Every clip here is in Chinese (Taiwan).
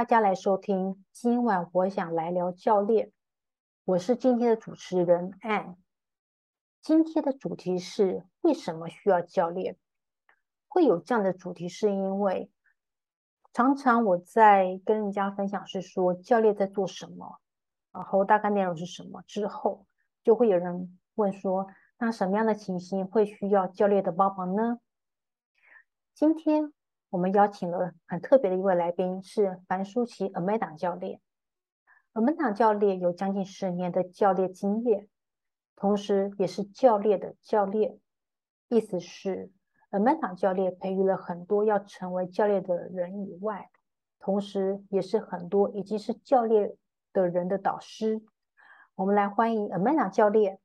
大家來收聽，今晚我想來聊教練。我是今天的主持人 Ann，今天的主題是為什麼需要教練。會有這樣的主題，是因為常常我在跟人家分享是說教練在做什麼，然後大概內容是什麼之後，就會有人問說，那什麼樣的情形會需要教練的幫忙呢？今天。我們邀請了很特別的一位來賓，是樊舒琦 Amanda 教練。Amanda 教練有將近十年的教練經驗，同時也是教練的教練。意思是，Amanda 教練培育了很多要成為教練的人以外，同時也是很多已經是教練的人的導師。我們來歡迎 Amanda 教練。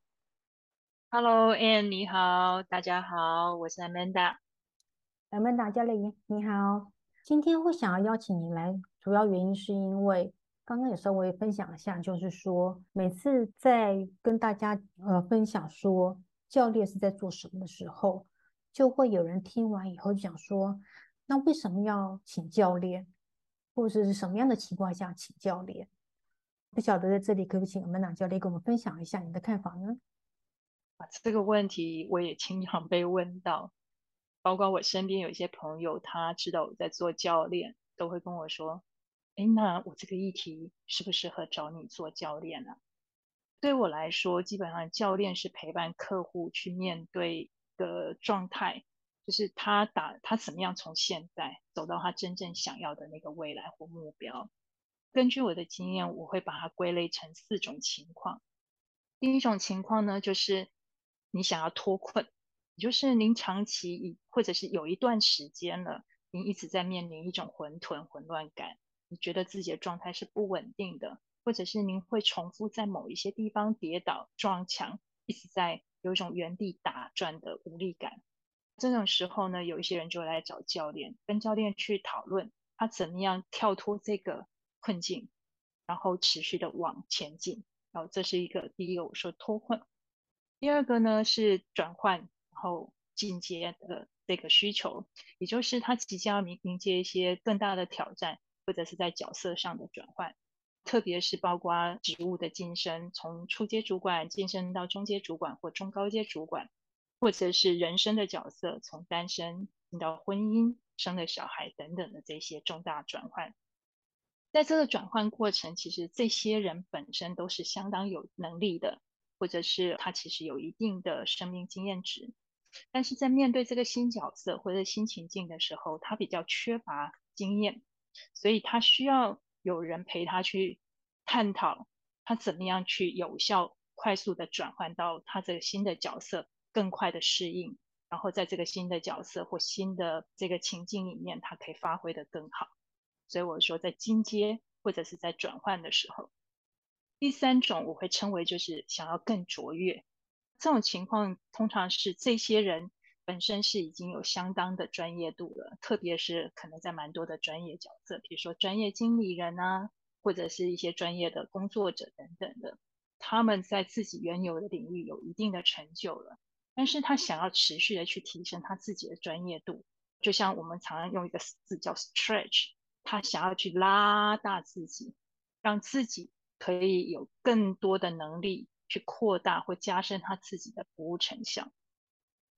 Hello，Ann，你好，大家好，我是 Amanda。阿曼達教練，你好。今天我想要邀請你來，主要原因是因為剛剛也稍微分享一下，就是說每次在跟大家呃分享說教練是在做什麼的時候，就會有人聽完以後就想說，那為什麼要請教練，或者是什麼樣的情況下請教練？不曉得在這裡可不可以請阿曼達教練跟我們分享一下你的看法呢？這個問題我也經常被問到。包括我身邊有一些朋友，他知道我在做教練，都會跟我說：“誒，那我這個議題適不適合找你做教練呢？”對我來說，基本上教練是陪伴客戶去面對的狀態，就是他打，他怎麼樣從現在走到他真正想要的那個未來或目標。根據我的經驗，我會把它歸類成四種情況。第一種情況呢，就是你想要脫困。就是您長期以，或者是有一段時間了，您一直在面臨一種混沌、混亂感，你覺得自己的狀態是不穩定的，或者是您會重複在某一些地方跌倒、撞牆，一直在有一種原地打轉的無力感。這種時候呢，有一些人就來找教練，跟教練去討論他怎麼樣跳脫這個困境，然後持續的往前進。然後這是一個，第一個我說脫困。第二個呢是轉換。然後進階的這個需求，也就是他即將要迎迎接一些更大的挑戰，或者是在角色上的轉換，特別是包括職務的晉升，從初階主管晉升到中階主管或中高階主管，或者是人生的角色從單身到婚姻、生了小孩等等的這些重大轉換。在這個轉換過程，其實這些人本身都是相當有能力的，或者是他其實有一定的生命經驗值。但是在面對這個新角色或者新情境的時候，他比較缺乏經驗，所以他需要有人陪他去探討他怎麼樣去有效、快速地轉換到他這個新的角色，更快地適應，然後在這個新的角色或新的這個情境裡面，他可以發揮得更好。所以我說，在進階或者是在轉換的時候，第三種我會稱為就是想要更卓越。這種情況通常是這些人本身是已經有相當的專業度了，特別是可能在蠻多的專業角色，比如說專業經理人啊，或者是一些專業的工作者等等的。他們在自己原有的領域有一定的成就了，但是他想要持續的去提升他自己的專業度，就像我們常用一個字叫 “stretch”，他想要去拉大自己，讓自己可以有更多的能力。去擴大或加深他自己的服務成效。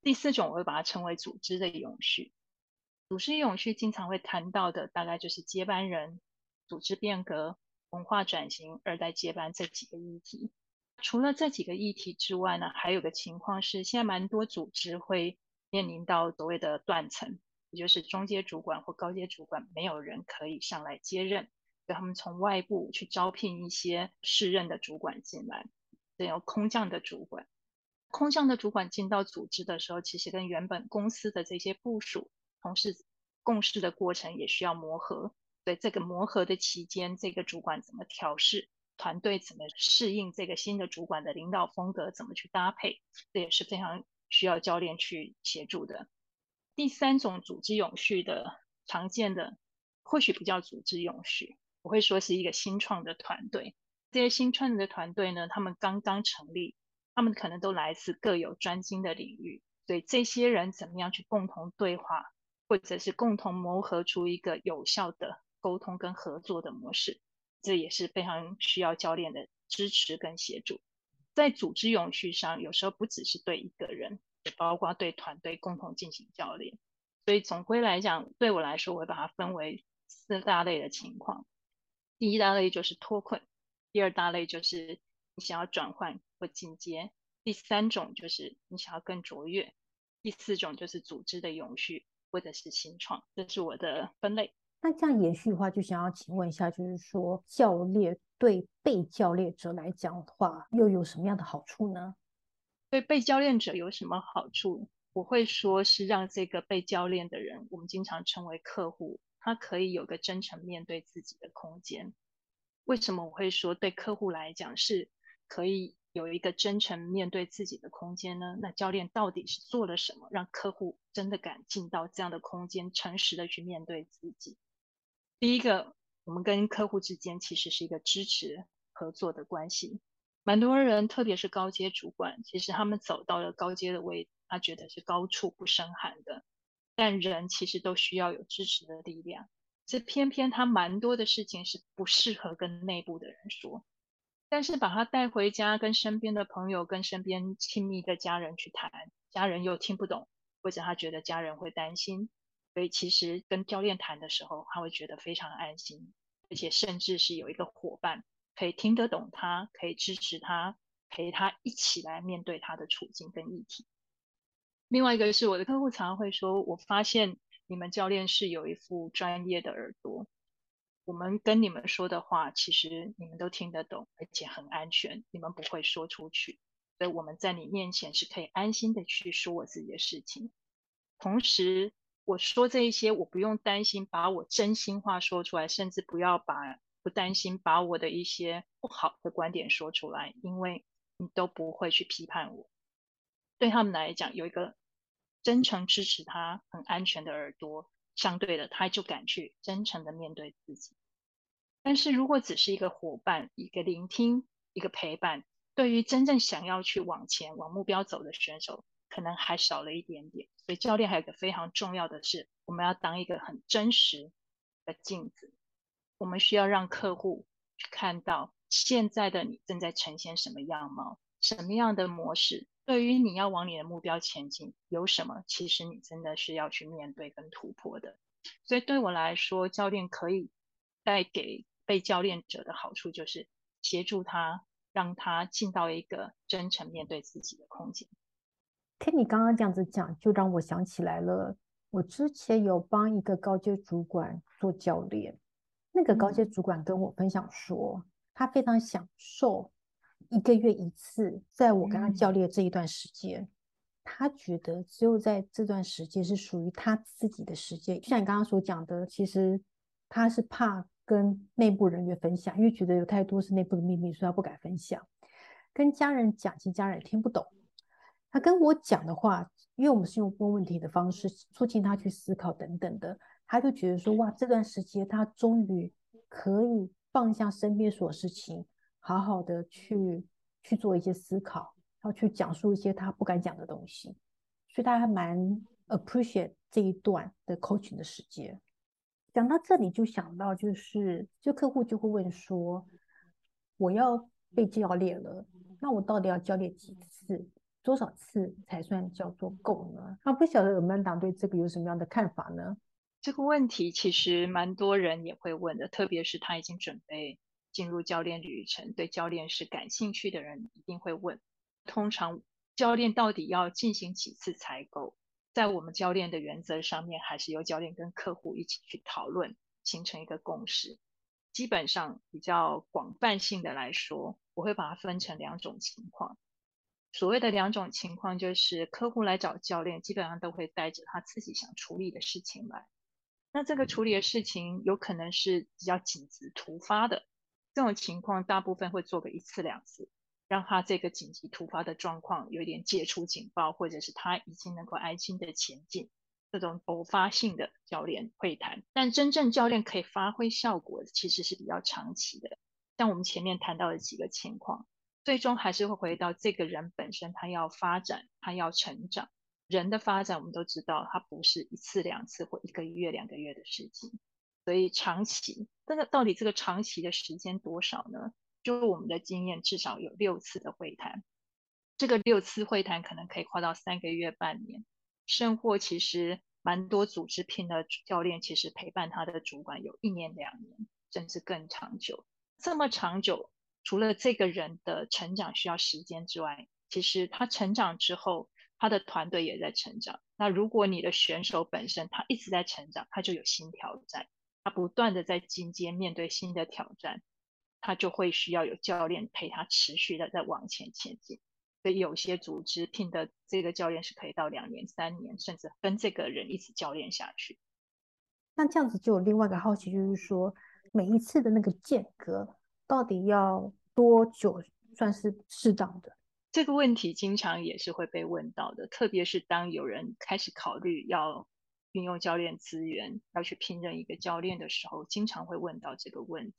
第四種，我會把它稱為組織的永續。組織永續經常會談到的，大概就是接班人、組織變革、文化轉型、二代接班這幾個議題。除了這幾個議題之外呢，還有個情況是，現在蠻多組織會面臨到所謂的斷層，也就是中階主管或高階主管沒有人可以上來接任，所以他們從外部去招聘一些適任的主管進來。有空降的主管，空降的主管進到組織的時候，其實跟原本公司的這些部屬同事共事的過程也需要磨合。所以這個磨合的期間，這個主管怎麼調適，團隊怎麼適應這個新的主管的領導風格，怎麼去搭配，這也是非常需要教練去協助的。第三種組織永續的常見的，或許不叫組織永續，我會說是一個新創的團隊。這些新創的團隊呢，他們剛剛成立，他們可能都來自各有專精的領域，所以這些人怎麼樣去共同對話，或者是共同磨合出一個有效的溝通跟合作的模式，這也是非常需要教練的支持跟協助。在組織允許上，有時候不只是對一個人，也包括對團隊共同進行教練。所以總歸來講，對我來說，我會把它分為四大類的情況。第一大類就是脫困。第二大類就是你想要轉換或進階，第三種就是你想要更卓越，第四種就是組織的永續或者是新創。這是我的分類。那這樣延續的話，就想要請問一下，就是說教練對被教練者來講的話，又有什麼樣的好處呢？對被教練者有什麼好處？我會說是讓這個被教練的人，我們經常稱為客戶，他可以有個真誠面對自己的空間。為什麼我會說對客戶來講是可以有一個真誠面對自己的空間呢？那教練到底是做了什麼，讓客戶真的敢進到這樣的空間，誠實的去面對自己？第一個，我們跟客戶之間其實是一個支持合作的關係。蠻多人，特別是高階主管，其實他們走到了高階的位置，他覺得是高處不勝寒的，但人其實都需要有支持的力量。這偏偏他蠻多的事情是不適合跟內部的人說，但是把他帶回家，跟身邊的朋友、跟身邊親密的家人去談，家人又聽不懂，或者他覺得家人會擔心，所以其實跟教練談的時候，他會覺得非常安心，而且甚至是有一個夥伴可以聽得懂他，可以支持他，陪他一起來面對他的處境跟議題。另外一個是我的客戶常常會說，我發現。你們教練是有一副專業的耳朵，我們跟你們說的話，其實你們都聽得懂，而且很安全，你們不會說出去，所以我們在你面前是可以安心的去說我自己的事情。同時，我說這一些，我不用擔心把我真心話說出來，甚至不要把，不擔心把我的一些不好的觀點說出來，因為你都不會去批判我。對他們來講，有一個。真誠支持他，很安全的耳朵，相對的，他就敢去真誠的面對自己。但是如果只是一個夥伴、一個聆聽、一個陪伴，對於真正想要去往前往目標走的選手，可能還少了一點點。所以教練還有一個非常重要的是，我們要當一個很真實的鏡子，我們需要讓客戶去看到現在的你正在呈現什麼樣貌，什麼樣的模式。對於你要往你的目標前進，有什麼？其實你真的是要去面對跟突破的。所以對我來說，教練可以帶給被教練者的好處，就是協助他，讓他進到一個真誠面對自己的空間。聽你剛剛這樣子講，就讓我想起來了，我之前有幫一個高階主管做教練，那個高階主管跟我分享說，嗯、他非常享受。一個月一次，在我跟他教練這一段時間，嗯，他覺得只有在這段時間是屬於他自己的時間。就像你剛剛所講的，其實他是怕跟內部人員分享，因為覺得有太多是內部的秘密，所以他不敢分享。跟家人講，其實家人也聽不懂。他跟我講的話，因為我們是用問問題的方式促進他去思考等等的，他就覺得說哇，這段時間他終於可以放下身邊所有事情，好好的去去做一些思考，然後去講述一些他不敢講的東西，所以他還蠻 appreciate 這一段的 coaching 的時間。講到這裡就想到，就是就客戶就會問說：我要被教練了，那我到底要教練幾次、多少次才算叫做夠呢？那不曉得 Amanda 對這個有什麼樣的看法呢？這個問題其實蠻多人也會問的，特別是他已經準備。進入教練旅程，對教練是感興趣的人一定會問：通常教練到底要進行幾次才夠？在我們教練的原則上面，還是由教練跟客戶一起去討論，形成一個共識。基本上比較廣泛性的來說，我會把它分成兩種情況。所謂的兩種情況，就是客戶來找教練，基本上都會帶着他自己想處理的事情來。那這個處理的事情，有可能是比較緊急突發的。這種情況大部分會做個一次兩次，讓他這個緊急突發的狀況有點解除警報，或者是他已經能夠安心的前進。這種偶發性的教練會談，但真正教練可以發揮效果，其實是比較長期的。像我們前面談到的幾個情況，最終還是會回到這個人本身，他要發展，他要成長。人的發展，我們都知道，他不是一次兩次或一個月兩個月的事情。所以長期，但是到底這個長期的時間多少呢？就我們的經驗，至少有六次的會談。這個六次會談可能可以花到三個月、半年。甚或其實蠻多組織聘的教練，其實陪伴他的主管有一年、兩年，甚至更長久。這麼長久，除了這個人的成長需要時間之外，其實他成長之後，他的團隊也在成長。那如果你的選手本身他一直在成長，他就有新挑戰。他不斷的在進階，面對新的挑戰，他就會需要有教練陪他持續的在往前前進。所以有些組織聘的這個教練是可以到兩年、三年，甚至跟這個人一起教練下去。那這樣子就有另外一個好奇，就是說每一次的那個間隔到底要多久算是適當的？這個問題經常也是會被問到的，特別是當有人開始考慮要。運用教練資源，要去聘任一個教練的時候，經常會問到這個問題：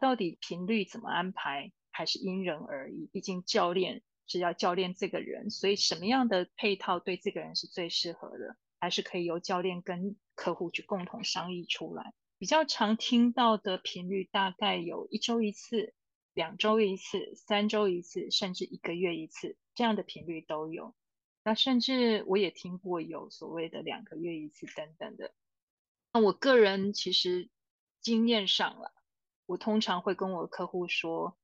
到底頻率怎麼安排？還是因人而異？畢竟教練是要教練這個人，所以什麼樣的配套對這個人是最適合的，還是可以由教練跟客戶去共同商議出來。比較常聽到的頻率，大概有一周一次、兩周一次、三周一次，甚至一個月一次，這樣的頻率都有。那甚至我也聽過有所謂的兩個月一次等等的。那我個人其實經驗上了，我通常會跟我客戶說，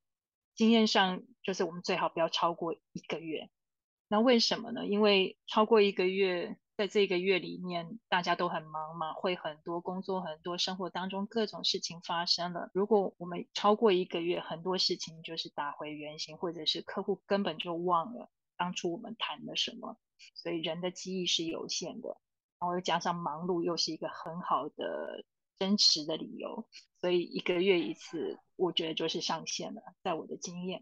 經驗上就是我們最好不要超過一個月。那為什麼呢？因為超過一個月，在這個月裡面大家都很忙嘛，會很多工作、很多生活當中各種事情發生了。如果我們超過一個月，很多事情就是打回原形，或者是客戶根本就忘了。當初我們談了什麼？所以人的記憶是有限的，然後又加上忙碌，又是一個很好的真實的理由。所以一個月一次，我覺得就是上限了，在我的經驗。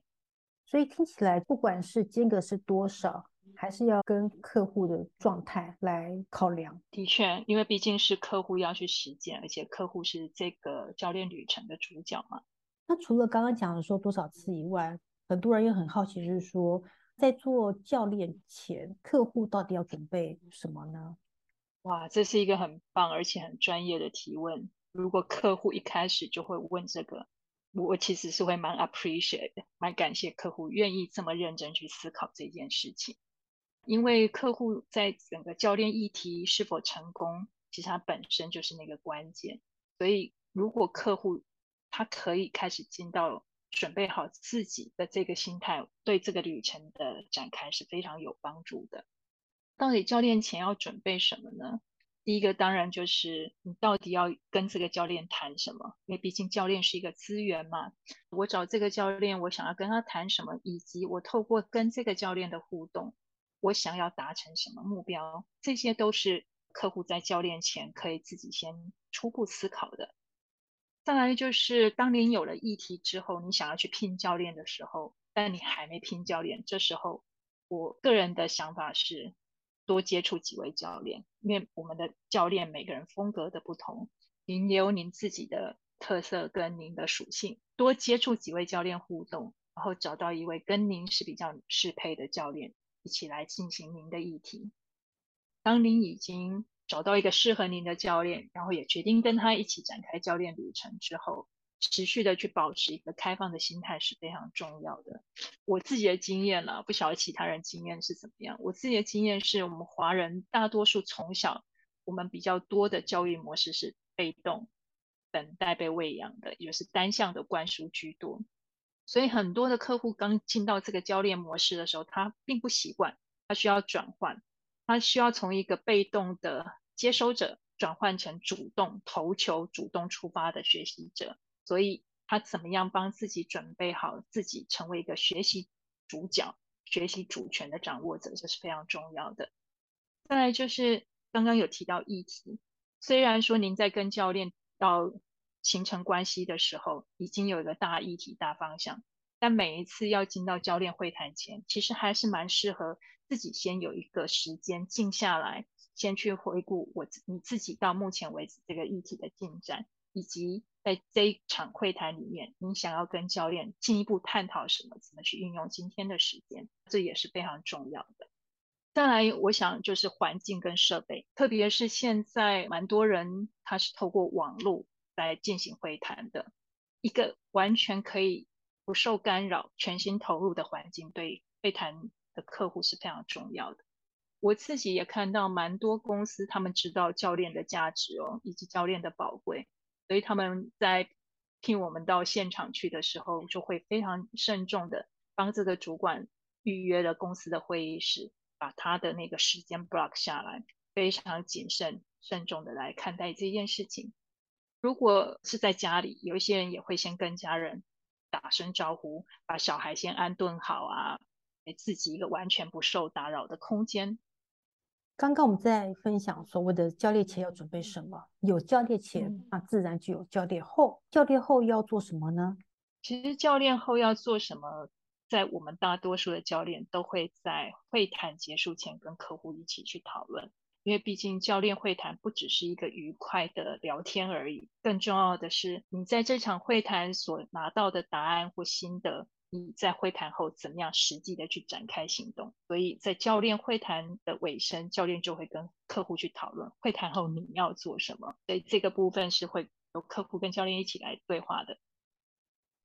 所以聽起來，不管是間隔是多少，還是要跟客戶的狀態來考量。的確，因為畢竟是客戶要去實踐，而且客戶是這個教練旅程的主角嘛。那除了剛剛講的說多少次以外，很多人又很好奇，就是說。在做教練前，客戶到底要準備什麼呢？哇，這是一個很棒而且很專業的提問。如果客戶一開始就會問這個，我其實是會蠻 appreciate 的，蠻感謝客戶願意這麼認真去思考這件事情。因為客戶在整個教練議題是否成功，其實它本身就是那個關鍵。所以如果客戶他可以開始進到。準備好自己的這個心態，對這個旅程的展開是非常有幫助的。到底教練前要準備什麼呢？第一個當然就是你到底要跟這個教練談什麼，因為畢竟教練是一個資源嘛。我找這個教練，我想要跟他談什麼，以及我透過跟這個教練的互動，我想要達成什麼目標，這些都是客戶在教練前可以自己先初步思考的。再來就是，當您有了議題之後，你想要去聘教練的時候，但你還沒聘教練，這時候，我個人的想法是，多接觸幾位教練，因為我們的教練每個人風格的不同，您也有您自己的特色跟您的屬性，多接觸幾位教練互動，然後找到一位跟您是比較適配的教練，一起來進行您的議題。當您已經找到一個適合您的教練，然後也決定跟他一起展開教練旅程之後，持續的去保持一個開放的心態是非常重要的。我自己的經驗呢、啊，不曉得其他人經驗是怎麼樣。我自己的經驗是我們華人大多數從小，我們比較多的教育模式是被動等待被餵養的，也就是單向的灌輸居多。所以很多的客戶剛進到這個教練模式的時候，他並不習慣，他需要轉換，他需要從一個被動的。接收者轉換成主動投球、主動出發的學習者，所以他怎麼樣幫自己準備好，自己成為一個學習主角、學習主權的掌握者，這是非常重要的。再來就是剛剛有提到議題，雖然說您在跟教練到形成關係的時候，已經有一個大議題、大方向，但每一次要進到教練會談前，其實還是蠻適合自己先有一個時間靜下來。先去回顧我自你自己到目前為止這個議題的進展，以及在這一場會談裡面，你想要跟教練進一步探討什麼，怎麼去運用今天的時間，這也是非常重要的。再來，我想就是環境跟設備，特別是現在蠻多人他是透過網絡來進行會談的，一個完全可以不受干擾、全心投入的環境，對會談的客戶是非常重要的。我自己也看到蠻多公司，他們知道教練的價值哦，以及教練的寶貴，所以他們在聘我們到現場去的時候，就會非常慎重的幫這個主管預約了公司的會議室，把他的那個時間 block 下來，非常謹慎、慎重的來看待這件事情。如果是在家裡，有一些人也會先跟家人打聲招呼，把小孩先安頓好啊，給自己一個完全不受打擾的空間。剛剛我們在分享，所謂的教練前要準備什麼，有教練前，那自然就有教練後。教練後要做什麼呢？其實教練後要做什麼，在我們大多數的教練都會在會談結束前跟客戶一起去討論，因為畢竟教練會談不只是一個愉快的聊天而已，更重要的是你在這場會談所拿到的答案或心得。你在會談後怎麼樣實際的去展開行動？所以在教練會談的尾聲，教練就會跟客戶去討論會談後你要做什麼。所以這個部分是會有客戶跟教練一起來對話的。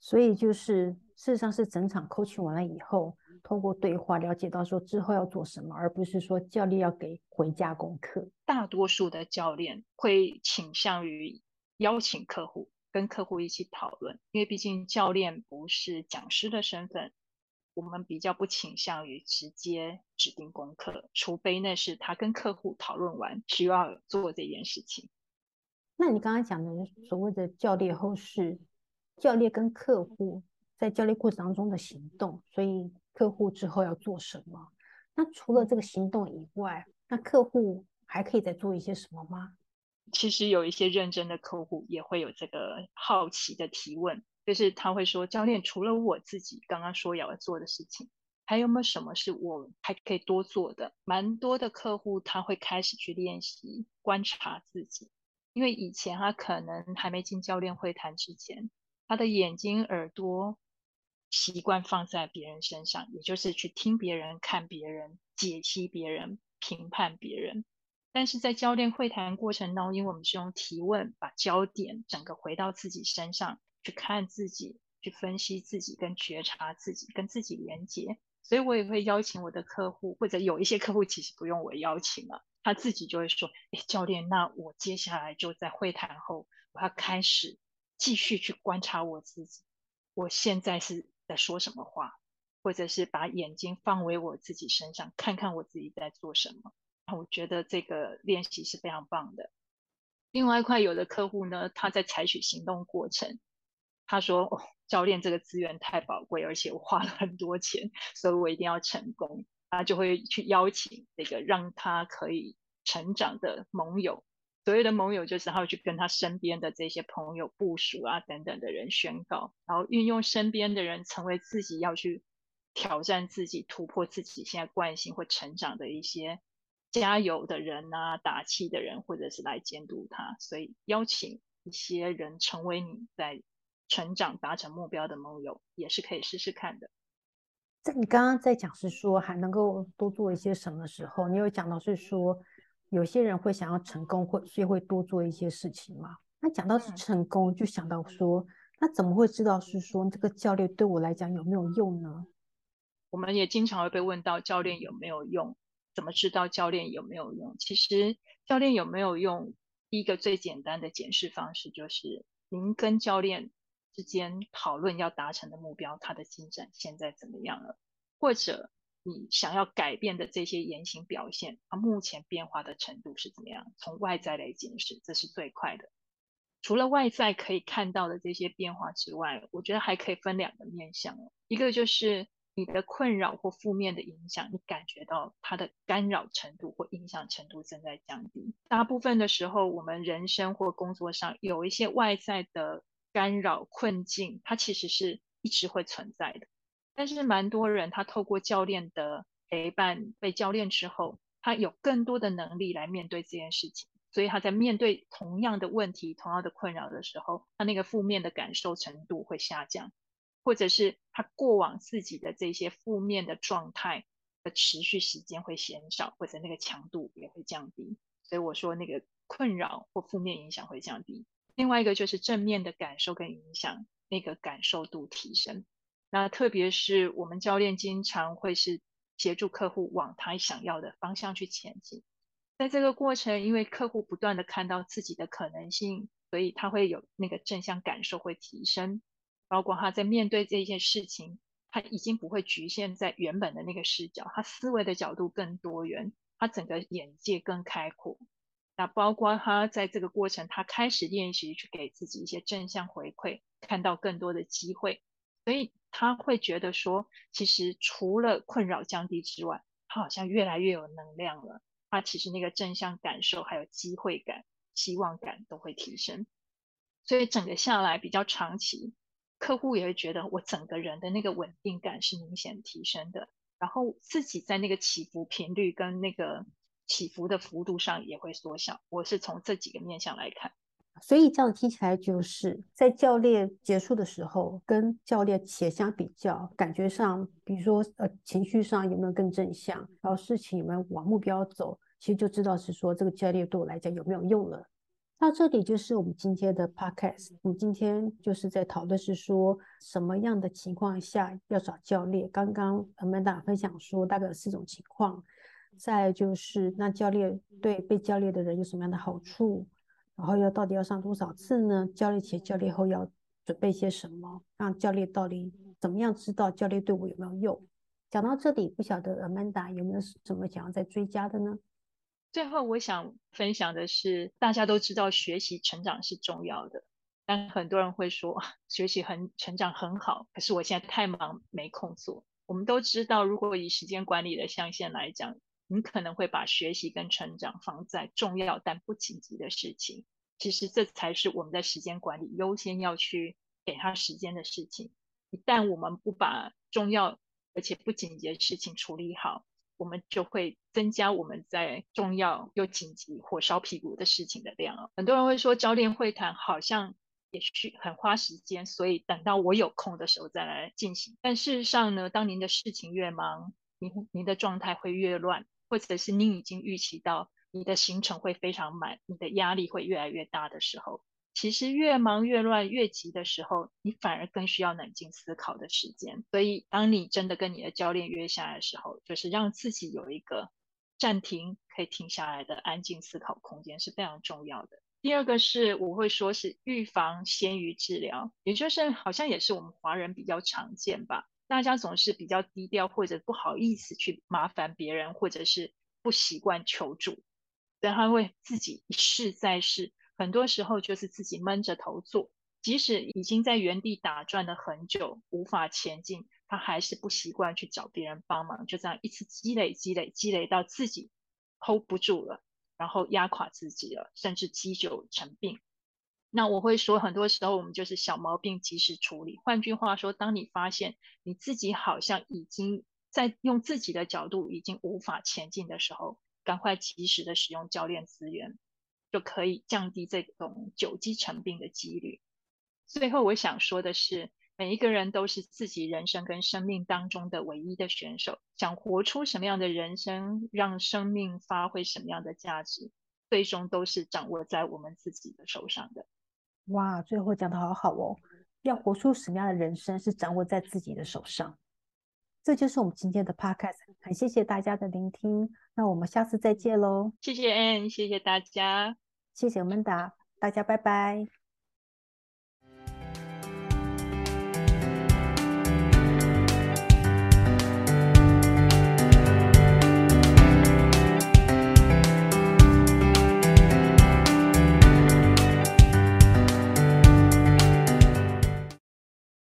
所以就是事實上是整場 coach 完了以後，通過對話了解到說之後要做什麼，而不是說教練要給回家功課。大多數的教練會傾向於邀請客戶。跟客戶一起討論，因為畢竟教練不是講師的身份，我們比較不傾向於直接指定功課，除非那是他跟客戶討論完需要做這件事情。那你剛剛講的所謂的教練後事，教練跟客戶在教練過程中的行動，所以客戶之後要做什麼？那除了這個行動以外，那客戶還可以再做一些什麼嗎？其實有一些認真的客戶也會有這個好奇的提問，就是他會說：“教練，除了我自己剛剛說要做的事情，還有沒有什麼是我還可以多做的？”蠻多的客戶他會開始去練習觀察自己，因為以前他啊，可能還沒進教練會談之前，他的眼睛、耳朵習慣放在別人身上，也就是去聽別人、看別人、解析別人、評判別人。但是在教練會談的過程中，因為我們是用提問把焦點整個回到自己身上去看自己，去分析自己，跟覺察自己，跟自己連接。所以我也會邀請我的客戶，或者有一些客戶其實不用我邀請了，他自己就會說：“哎，教練，那我接下來就在會談後，我要開始繼續去觀察我自己，我現在是在說什麼話，或者是把眼睛放回我自己身上，看看我自己在做什麼。”我覺得這個練習是非常棒的。另外一塊，有的客戶呢，他在採取行動過程，他說：“教練這個資源太寶貴，而且我花了很多錢，所以我一定要成功。”他就會去邀請那個讓他可以成長的盟友。所謂的盟友就是他會去跟他身邊的這些朋友、部屬啊等等的人宣告，然後運用身邊的人成為自己要去挑戰自己、突破自己現在慣性或成長的一些。加油的人啊，打氣的人，或者是來監督他，所以邀請一些人成為你在成長達成目標的盟友，也是可以試試看的。在你剛剛在講是說，還能夠多做一些什麼時候？你有講到是說，有些人會想要成功會，會所以會多做一些事情嘛？那講到是成功，就想到說，那怎麼會知道是說這個教練對我來講有沒有用呢？我們也經常會被問到，教練有沒有用？怎麼知道教練有沒有用？其實教練有沒有用，第一個最簡單的檢視方式就是您跟教練之間討論要達成的目標，它的進展現在怎麼樣了？或者你想要改變的這些言行表現，它目前變化的程度是怎麼樣？從外在來檢視，這是最快的。除了外在可以看到的這些變化之外，我覺得還可以分兩個面向，一個就是。你的困擾或負面的影響，你感覺到它的干擾程度或影響程度正在降低。大部分的時候，我們人生或工作上有一些外在的干擾困境，它其實是一直會存在的。但是，蠻多人他透過教練的陪伴，被教練之後，他有更多的能力來面對這件事情。所以，他在面對同樣的問題、同樣的困擾的時候，他那個負面的感受程度會下降。或者是他過往自己的這些負面的狀態的持續時間會減少，或者那個強度也會降低。所以我說那個困擾或負面影響會降低。另外一個就是正面的感受跟影響，那個感受度提升。那特別是我們教練經常會是協助客戶往他想要的方向去前進，在這個過程，因為客戶不斷地看到自己的可能性，所以他會有那個正向感受會提升。包括他在面對這些事情，他已經不會局限在原本的那個視角，他思維的角度更多元，他整個眼界更開闊。那包括他在這個過程，他開始練習去給自己一些正向回饋，看到更多的機會，所以他會覺得說，其實除了困擾降低之外，他好像越來越有能量了。他其實那個正向感受，還有機會感、希望感都會提升。所以整個下來比較長期。客戶也會覺得，我整個人的那個穩定感是明顯提升的，然後自己在那個起伏頻率跟那個起伏的幅度上也會縮小。我是從這幾個面向來看。所以這樣聽起來就是在教練結束的時候，跟教練前相比較，感覺上，比如說呃情緒上有沒有更正向，然後事情有沒有往目標走，其實就知道是說這個教練對我來講有沒有用了。那這裡就是我們今天的 podcast。我們今天就是在討論是說什麼樣的情況下要找教練。剛剛 Amanda 分享說大概有四種情況，再就是那教練對被教練的人有什麼樣的好處，然後要到底要上多少次呢？教練前、教練後要準備些什麼？讓教練到底怎麼樣知道教練對我有沒有用？講到這裡，不曉得 Amanda 有沒有什麼想要再追加的呢？最後，我想分享的是，大家都知道學習成長是重要的，但很多人會說，學習很成長很好，可是我現在太忙沒空做。我們都知道，如果以時間管理的象限來講，你可能會把學習跟成長放在重要但不緊急的事情。其實這才是我們在時間管理優先要去給他時間的事情。一旦我們不把重要而且不緊急的事情處理好，我們就會增加我們在重要又緊急、火燒屁股的事情的量。很多人會說，教練會談好像也是很花時間，所以等到我有空的時候再來進行。但事實上呢，當您的事情越忙，您您的狀態會越亂，或者是您已經預期到你的行程會非常滿，你的壓力會越來越大的時候。其實越忙越亂越急的時候，你反而更需要冷靜思考的時間。所以，當你真的跟你的教練約下來的時候，就是讓自己有一個暫停，可以停下來的安靜思考空間是非常重要的。第二個是，我會說是預防先於治療，也就是好像也是我們華人比較常見吧，大家總是比較低調或者不好意思去麻煩別人，或者是不習慣求助，然後他會自己一試再試。很多時候就是自己悶着頭做，即使已經在原地打轉了很久，無法前進，他還是不習慣去找別人幫忙，就這樣一直積累、積累、積累到自己 hold 不住了，然後壓垮自己了，甚至積久成病。那我會說，很多時候我們就是小毛病及時處理。換句話說，當你發現你自己好像已經在用自己的角度已經無法前進的時候，趕快及時的使用教練資源。就可以降低這種久積成病的幾率。最後我想說的是，每一個人都是自己人生跟生命當中的唯一的選手，想活出什麼樣的人生，讓生命發揮什麼樣的價值，最終都是掌握在我們自己的手上的。哇，最後講的好好哦，要活出什麼樣的人生是掌握在自己的手上。這就是我們今天的 podcast，很謝謝大家的聆聽，那我們下次再見嘍。謝謝 Ann，謝謝大家，謝謝 Amanda，大家拜拜。